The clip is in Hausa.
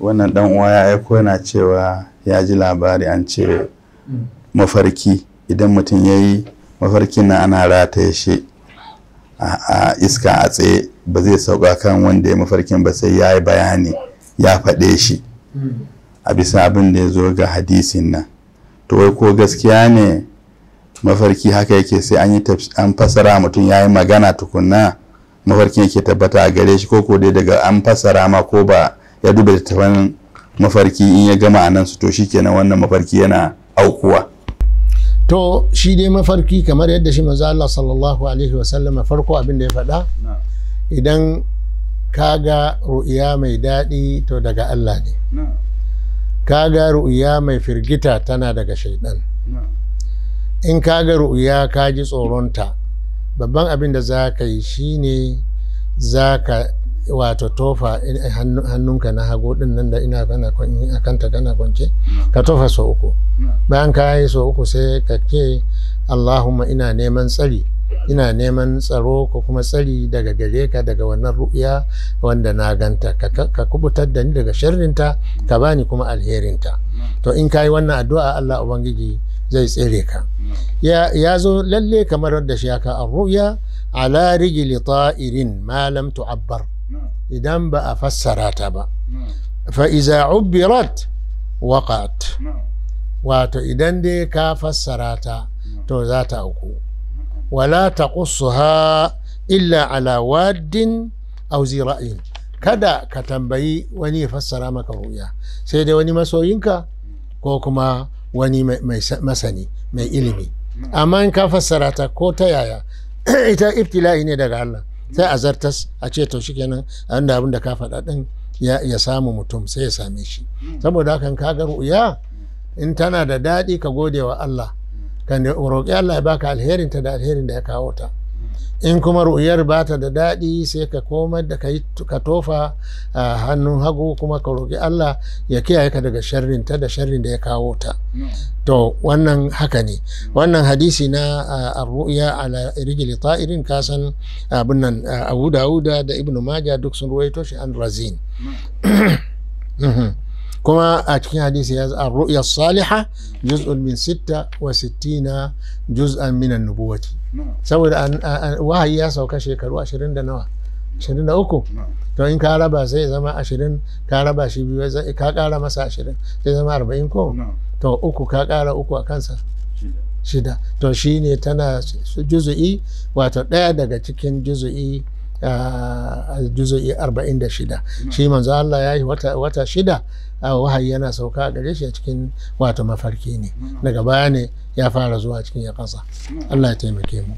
wannan dan uwa ya aiko yana cewa ya ji labari an ce mafarki idan mutum ya yi mafarkin na ana rataye shi a iska a tsaye ba zai sauka kan wanda ya mafarkin ba sai ya yi bayani ya faɗe shi a bisa abin da ya zo ga hadisin nan to wai ko gaskiya ne mafarki haka yake sai an yi an fasara mutum ya yi magana tukunna mafarkin yake tabbata a gare shi ko ko dai daga an fasara ma ko ba ya duba littafan mafarki in ya gama anan su to shikenan wannan mafarki yana aukuwa to shi dai mafarki kamar yadda shi maza Allah sallallahu alaihi wasallam farko abin da ya faɗa idan kaga ga ru'iya mai daɗi to daga Allah ne kaga ga ru'iya mai firgita tana daga shaidan in kaga ga ru'iya ka ji tsoronta babban abin da za ka yi shine za ka wato tofa eh, eh, hannunka na hagu din nan da ina kana a kanta kana kwance ka tofa sau uku bayan ka yi sau uku sai ka ke allahumma ina neman tsari ina neman tsaro ko kuma tsari daga gare ka daga wannan ru'ya wanda na ganta ka kubutar da ni daga sharrinta ka bani kuma alherinta to in ka yi wannan addu'a allah ubangiji zai tsere ka ya zo lalle kamar da shi ka a ru'ya ala rijili ta'irin malam lam tu'abbar idan ba a fassara ta ba fa'iza ubirat waqat wato idan dai ka fassara ta to za ta auku wala ta ha illa ala waddin kada ka tambayi wani ya fassara maka wuya sai dai wani masoyinka ko kuma wani mai masani mai ilimi amma in ka fassara ta ko ta yaya ita ibtila'i ne daga Allah sai a zartas a ce to shi kenan a da abin da ka faɗa ɗin ya samu mutum sai ya same shi saboda hakan ka ga ruya in tana da daɗi ka gode wa Allah kan roƙi Allah ya baka alherin ta da alherin da ya kawo ta in kuma ru'uyar ba ta da daɗi sai ka koma da ka tofa a hannun hagu kuma ka roƙi Allah ya kiyaye ka daga sharrinta da sharrin da ya kawo ta to wannan haka ne wannan hadisi na ar ala ta'irin kasan abin nan Abu Dawuda da Ibn Majah duk sun ruwaito shi an razin mhm. kuma a cikin hadisi ya a ru'ya saliha juz'un min sitta wa sittina juz'an min nubuwati saboda wahayi ya sauka shekaru ashirin da nawa ashirin da uku to in ka raba sai zama ashirin ka raba shi biyu ka kara masa 20 sai zama arba'in ko to uku ka kara uku a kansa shida to shine tana juzu'i wato ɗaya daga cikin juzu'i da 46 shi manzo Allah ya yi wata shida a wahayi yana sauka a gare shi a cikin wato mafarki ne mm. daga baya ne ya fara zuwa cikin ya kasa mm. Allah ya taimake mu